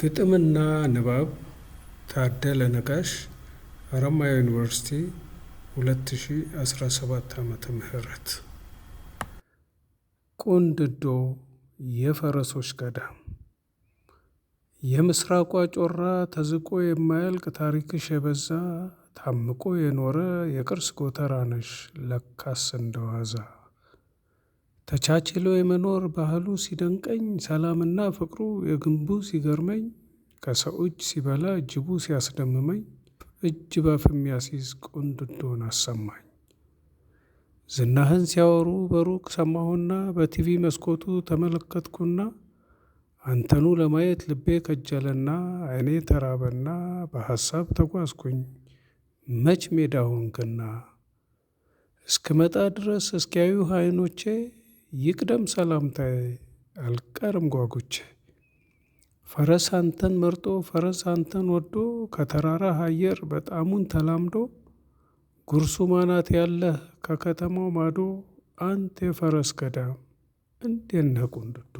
ግጥምና ንባብ ታደለ ነጋሽ፣ አረማ ዩኒቨርሲቲ 2017 ዓ ም ቁንድዶ የፈረሶች ገዳም የምስራቋ ጮራ ተዝቆ የማያልቅ ታሪክሽ የበዛ ታምቆ የኖረ የቅርስ ጎተራ ነሽ ለካስ እንደዋዛ ተቻችሎ የመኖር ባህሉ ሲደንቀኝ ሰላምና ፍቅሩ የግንቡ ሲገርመኝ ከሰው እጅ ሲበላ ጅቡ ሲያስደምመኝ እጅ ባፍ የሚያስይዝ ቁንድዶን አሰማኝ። ዝናህን ሲያወሩ በሩቅ ሰማሁና በቲቪ መስኮቱ ተመለከትኩና አንተኑ ለማየት ልቤ ከጀለና አይኔ ተራበና በሀሳብ ተጓዝኩኝ መች ሜዳ ሆንክና እስክመጣ ድረስ እስኪያዩህ አይኖቼ ይቅደም ሰላምታዬ አልቀርም ጓጉቼ ፈረስ አንተን መርጦ ፈረስ አንተን ወዶ ከተራራ አየር በጣሙን ተላምዶ ጉርሱ ማናት ያለህ ከከተማው ማዶ አንተ የፈረስ ገዳም እንዴት ቁንድዶ